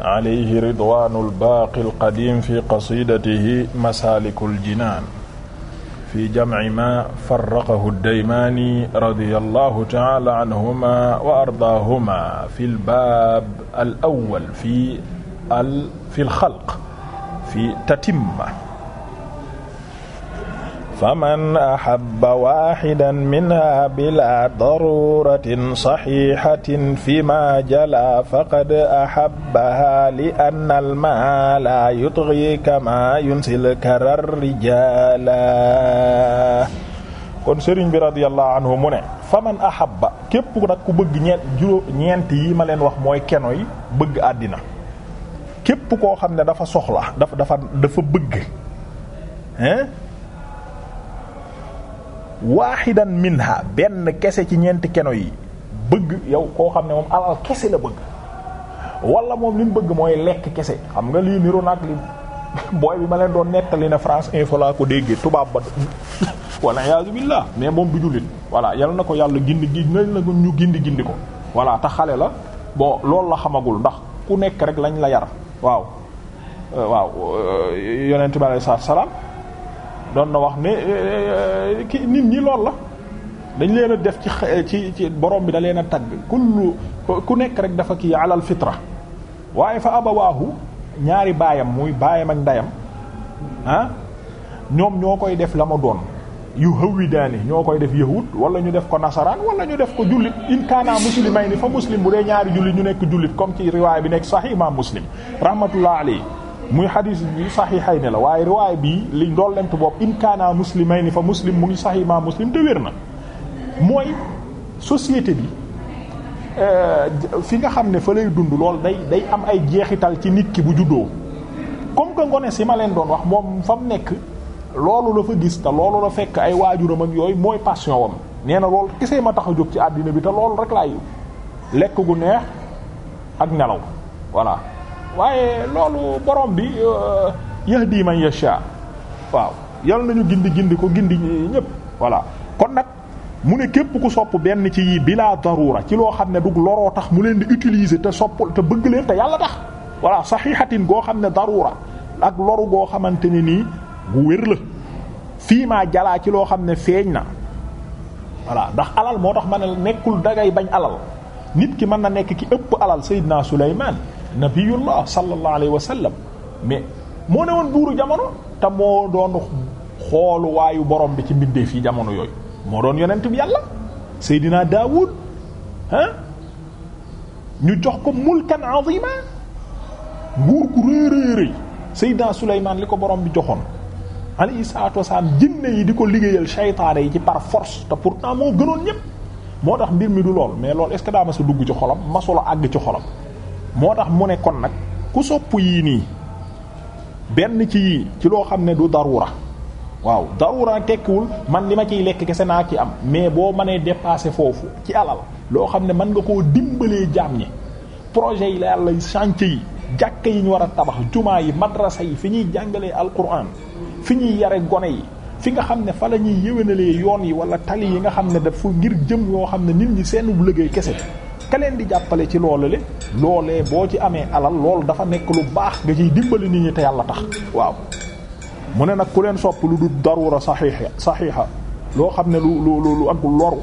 alayhi ridwaanu albaaqi alqadiim fi qasidatihi masaaliku aljinaan fi jamci ma farraqahu addaymaani radiya allahu taala anhuma wa ardaahuma fi albaab alawwal fi al fi alxalq fi tatimma faman ahabba waahidan minha bila daruratin saxihatin fima jala faqad ahabbaha li anna almaa la yutghi kama yunsil karar rijala kon sëriñ bi radiyallahu anhu mu ne faman ahabba képp nag ku bëgg ñeent juróom ñeent yi ma leen wax mooy keno yi bëgg àddina képp koo xam ne dafa soxla dafa dafa dafa bëgg hein waaxidan minha benn kese ci ñeenti keno yi bëgg yow koo xam ne moom alal kese la bëgg wala moom li mu bëgg mooy lekk kese xam nga lii niru nag li booy bi ma leen doon nettali ne France Info laa ko déggee tubaab ba wala yaasu billah mais moom bi jullit voilà yal na ko yàlla gindi gi na la ñu gindi gindi ko voilà te xale la bon loolu la xamagul ndax ku nekk rek lañ la yar waaw euh, waaw euh, yonent bi alayhi salaam doon na wax ne eh, eh, eh, ki nit ñi lool la dañ leen a def ci ci ci borom bi da leen a tagg kullu ku nekk rek dafa kii alal fitra waaye fa abawaahu ñaari baayam muy baayam ak ndeyam ah ñoom ñoo koy def la ma doon yu hawidaani ñoo koy def yahud wala ñu def ko nasaraan wala ñu def ko jullit in kaana muslimayni fa muslim bu dee ñaari jullit ñu nekk jullit comme ci riwaay bi nekk sahih imam muslim rahmatullah alayhi muy xadiis yi saxiixay ne la waaye riwaay bii liñ dool lent bopp in kaana muslimay ni fa muslim mu ngi saxi ma muslim te wér na mooy société bi euh, fi nga xam ne fa lay dund lool day day am ay jeexital ci nit ki bu juddoo comme que ngone si ma leen doon wax moom fa mu nekk loolu la fa gis te loolu la fekk ay waajuram ak yooyu mooy passion wam nee na loolu kese ma tax a jóg ci àddina bi te loolu rek laay lekk gu neex ak nelaw voilà waaye loolu borom bi euh, yahdi man yasha waaw yal nañu gindi gindi ko gindi ñépp voilà kon nag mu ne képp ku sopp benn ci yii bilaa darura ci loo xam ne dug loroo tax mu leen di utiliser te sopp te bëgg leen te yàlla tax voilà saxiixatin goo xam ne darura ak loru goo xamante ni nii gu wér la fii maa jalaa ci loo xam ne feeñ na voilà ndax alal moo tax ma ne nekkul dangay bañ alal nit ki mën na nekk ki ëpp alal Seydina Souleymane nabiyullah sallallahu alayhi wa sallam mais moo ne woon buuru jamono te moo doon xooluwaayu borom bi ci mbindeef fii jamono yooyu moo doon yonent bi yàlla seydinaa daawud ah ñu jox ko mulkan azima nguur gu rëy rëy rëy seydinaa suleymaan li ko borom bi joxoon alayhi salaatu wasalaam jinne yi di ko liggéeyal shaytaane yi ci par force te pourtant moo gënoon ñëpp moo tax mbir mi du lool mais loolu est ce que dugg ci xolam masula àgg ci xolam moo tax mu ne kon nag ku sopp yii nii benn ci yii ci loo xam ne du darura waaw darura tekkiwul man li ma ciy lekk kese naa ci am mais boo mënee dépasser foofu ci alal loo xam ne mën nga koo dimbalee jaam ñi projet yi la yàlla chantier yi jàkka yi ñu war a tabax jumaa yi madrasa yi fi ñuy jàngalee alquran fi ñuy yare gone yi fi nga xam ne fa la ñuy yéwénalee yoon yi wala tali yi nga xam ne dafa ngir jëm yoo xam ne nit ñi seen liggéey kese keleen di jàppale ci loolu le loolee boo ci amee alal lool dafa nekk lu baax nga ciy dimbali nit ñi te yàlla tax waaw mu ne nag ku leen sopp lu du darura saxiixa saxiixa loo xam ne lu lu lu ak loru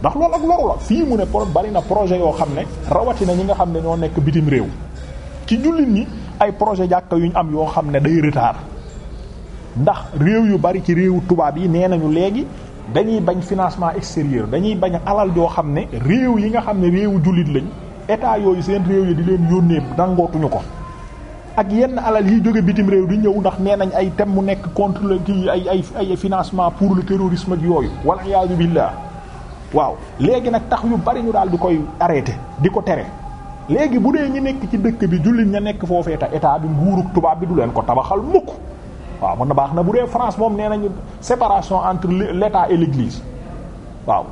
ndax loolu ak loru la fii mu ne pro bari na projet yoo xam ne rawatina ñi nga xam ne ñoo nekk bitim réew ci jullit ñi ay projet jàkka yu ñu am yoo xam ne day retard ndax réew yu bari ci réew tubaab yi nee nañu léegi dañuy bañ financement extérieur dañuy bañ alal joo xam ne réew yi nga xam ne réewu jullit lañ état yooyu seen réew yi di leen yónnee dangootuñu ko ak yenn alal yiy jóge bitim réew di ñëw ndax nee nañ ay thème mu nekk contre le kii ay ay ay financement pour le terrorisme ak yooyu walla iyaazu billaah waaw léegi nag tax yu bari ñu daal di koy arrêté di ko tere léegi bu dee ñi nekk ci dëkk bi jullit ña nekk foofee te état bi nguurug tubaab bi du leen ko tabaxal mukk waaw mën na baax na bu dee France moom nee nañu séparation entre l'État et l'Église waaw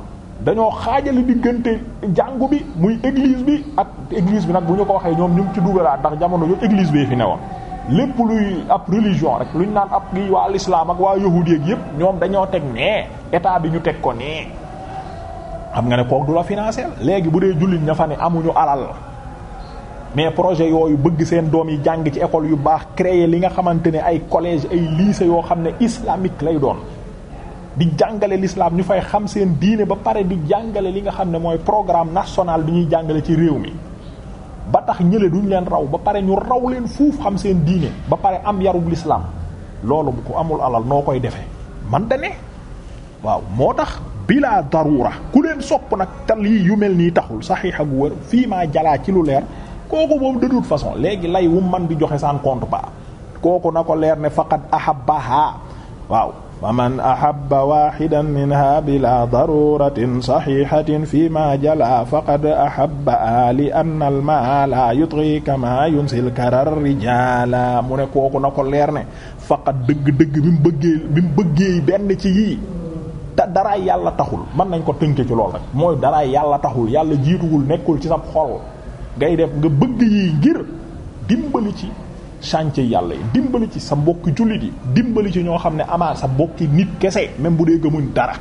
dañoo xaajale diggante jàngu bi muy église bi ak église bi nag bu ñu ko waxee ñoom ñu ngi ci dugalaat ndax jamono yooyu église bee fi ne woon lépp luy ab religion rek luñ naan ab gi waa l'islam ak waa yahuud yeeg yépp ñoom dañoo teg nee état bi ñu teg ko nee xam nga ne kooku du la financer léegi bu dee jullit ña fa ne amuñu alal. mais projet yooyu bëgg seen doom yi jàng ci école yu baax créer li nga xamante ne ay collège ay lycée yoo xam ne islamique lay doon di jàngale lislaam ñu fay xam seen diine ba pare di jàngale li nga xam ne mooy programme national bi ñuy jàngale ci réew mi ba tax ñële duñ leen raw ba pare ñu raw leen fuuf xam seen diine ba pare am yarub l'islam loolu bu ko amul alal noo koy defee man da ne waaw moo tax bila darura ku leen sopp nag tal yi yu mel nii taxul saxiix ak wër fii jalaa ci lu leer kooku boobu de façon léegi lay wu man di joxe sans contrepartie kooku na ko leer ne faqad ahabbaha waaw faman ahabba waxidan minha bila daruratin saxihatin fi ma jala faqad ahabba li anna al mala yutri kama yunsil karar rijala mu ne kooku na ko leer ne faqat dëgg bi mu bëggee benn ci yii te daraay yàlla taxul man nañ ko tënke ci lool rek mooy daraay yàlla taxul yàlla jiituwul nekkul ci sa xol ngay def nga bëgg yi ngir dimbali ci chantier yàlla yi dimbali ci sa mbokki jullit yi dimbali ci ñoo xam ne amaar sa mbokki nit kese même bu dee gëmuñ dara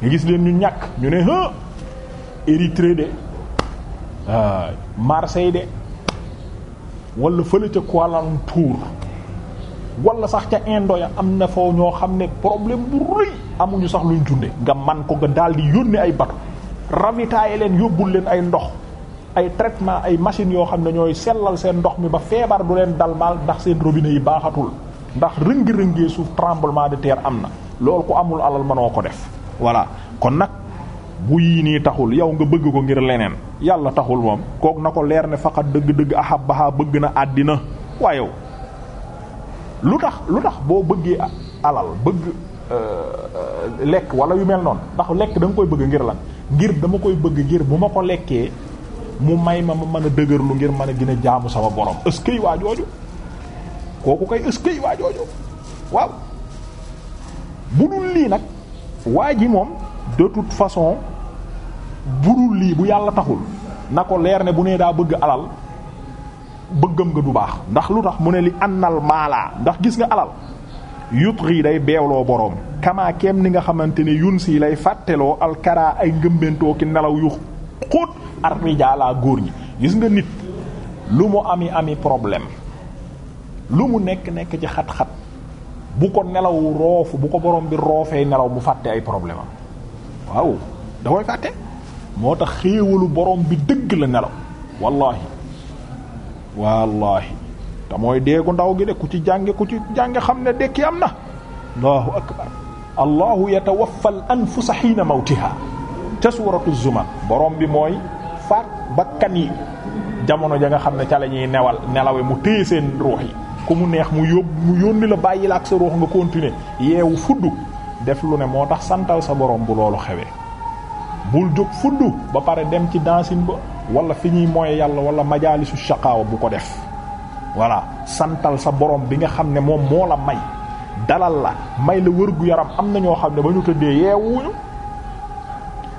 nga gis leen ñu ñàkk ñu ne ha Érythrée de euh, Marseille de wala fële ca Kuala Lumpur wala sax ca Indo ya am na foo ñoo xam ne problème bu rëy amuñu sax luñ junde nga man ko nga daal di yónni ay bato ravitailler leen yóbbul leen ay ndox ay traitement ay machines yoo xam ne ñooy sellal seen ndox mi ba feebar du leen dal ndax seen robinet yi baaxatul ndax rëngi-rëngee suuf tremblement de terre am na lool ku amul alal mënoo ko def voilà kon nag bu yii nii taxul yow nga bëgg ko ngir leneen yàlla taxul moom kook na ko leer ne faqat dëgg-dëgg ahabbaha bëgg na àddina waayow lu tax lu tax boo bëggee alal bëgg euh, lekk wala yu mel noonu ndax lekk da koy bëgg ngir lan ngir dama koy bëgg ngir bu ma ko lekkee mu may ma ma mën a dëgërlu ngir mën a gën a jaamu sama borom est-ce que waa jooju kooku kay est waa jooju waaw bu dul lii nag waa ji moom de façon bu lii bu yàlla taxul na ko leer ne bu nee daa bëgg alal bëggam nga du baax ndax lu tax mu ne li annal maalaa ndax gis nga alal yutri day beewloo boroom kamaa ni nga xamante ne yun si lay fàtteloo alkara ay ngëmbentoo ki nelaw yuux xóot arrijaala góor ñi gis nga nit lu mu ami ami problème lu mu nekk nekk ci xat-xat bu ko nelaw roofu bu ko borom bi roofee nelaw mu fàtte ay problème am waaw da koy fàtte moo tax xéewalu borom bi dëgg la nelaw wallahi wallahi te mooy deegu ndaw gi de ku ci jànge ku ci jànge xam ne dekki am na allahu akbar allahu yatawaffa al anfusa xiina mawtiha ca suuratu zumar borom bi mooy faat bakkan yi jamono ja nga xam ne ca la ñuy newal nelawe mu téye seen ruux yi ku mu neex mu yóbbu mu yónni la bàyyi la ak sa ruux nga continuer yeewu fudd def lu ne moo tax santal sa borom bu loolu xewee bul jóg fudd ba pare dem ci dansin ba wala fi ñuy mooy yàlla wala majaalisu shaqaawa bu ko def voilà santal sa borom bi nga xam ne moom moo la may dalal la may la wër gu yaram am na ñoo xam ne ba ñu tëddee yeewuñu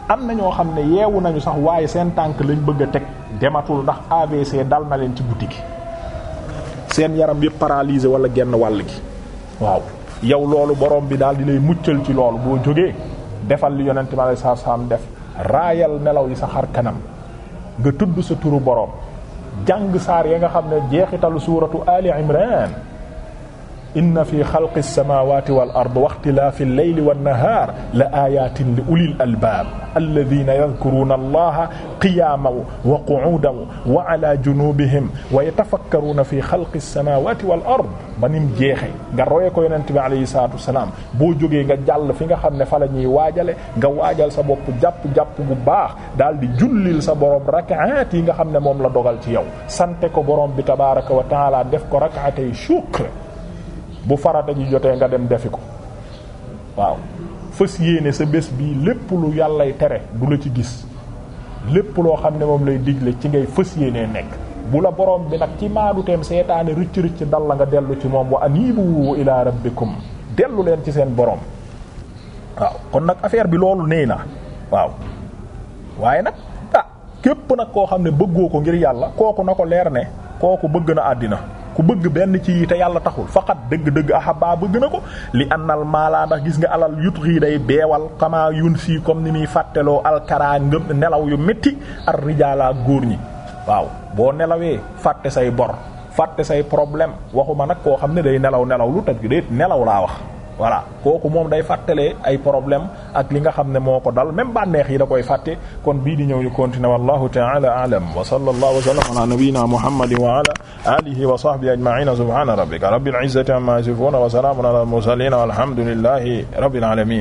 am na ñoo xam ne yeewu nañu sax waaye seen tànk lañ bëgg a teg dematul ndax AVC dal na leen ci guddi gi seen yaram yëpp paralysé wala genn wàll gi waaw yow loolu borom bi daal di lay muccal ci loolu boo jógee defal li yonent ma lay saa def raayal nelaw yi sa xar kanam nga tudd sa turu borom jàng saar ya nga xam ne jeexitalu suuratu Ali Imran inna fi xalqi samaawaati wal ard wa ixtilaafi llayli wan nahaar la aayaatin li ulil albaab alladiina yadkuruuna allaha qiyaaman wa qu'uudan wa alaa junuubihim wa yatafakkaruuna fi xalqi samaawaati wal ard ba ni mu jeexee nga roye ko yonent bi alayhi salaatu wa salaam boo jogee nga jàll fi nga xam ne fa la ñuy waajale nga waajal sa bopp jàpp jàpp bu baax daal di jullil sa borom rakaat yi nga xam ne moom la dogal ci yow sante ko borom bi tabaaraka wa taala def ko rakaatay shukr bu farata ji jotee nga dem defi ko waaw fës yéene sa bés bii lépp lu yàllay tere du la ci gis lépp loo xam ne moom lay digle ci ngay fës yéenee nekk bu la borom bi nag ci maaduteem seetaane rëcc rëcc dal la nga dellu ci moom wa anibu ila rabbikum dellu leen ci seen boroom waaw kon nag affaire bi loolu nee na waaw waaye nag ah képp nag koo xam ne bëggoo ko ngir yàlla kooku na ko leer ne kooku bëgg na àddina ku bëgg benn ci yi te yàlla taxul faqat dëgg-dëgg ahabba bëgg na ko li annal maala ndax gis nga alal yut rii day beewal xamaa yun sii comme ni muy fàtteloo alkara ngëm nelaw yu métti ar rijaala góor ñi waaw boo nelawee fàtte say bor fàtte say problème waxuma nag koo xam ne day nelaw nelaw lu taj gi déet nelaw laa wax voilà kooku moom day fàttalee ay problème ak li nga xam ne moo ko dal même bànneex yi da koy fàtte kon bii di ñëw ñu continuer wallahu ta'ala a'lam wa sallallahu wa sallama ala nabiyyina muhammadin wa ala alihi wa sahbihi ajma'ina subhana rabbika rabbil izzati amma yasifun wa salamun ala al mursalin walhamdulillahi rabbil alamin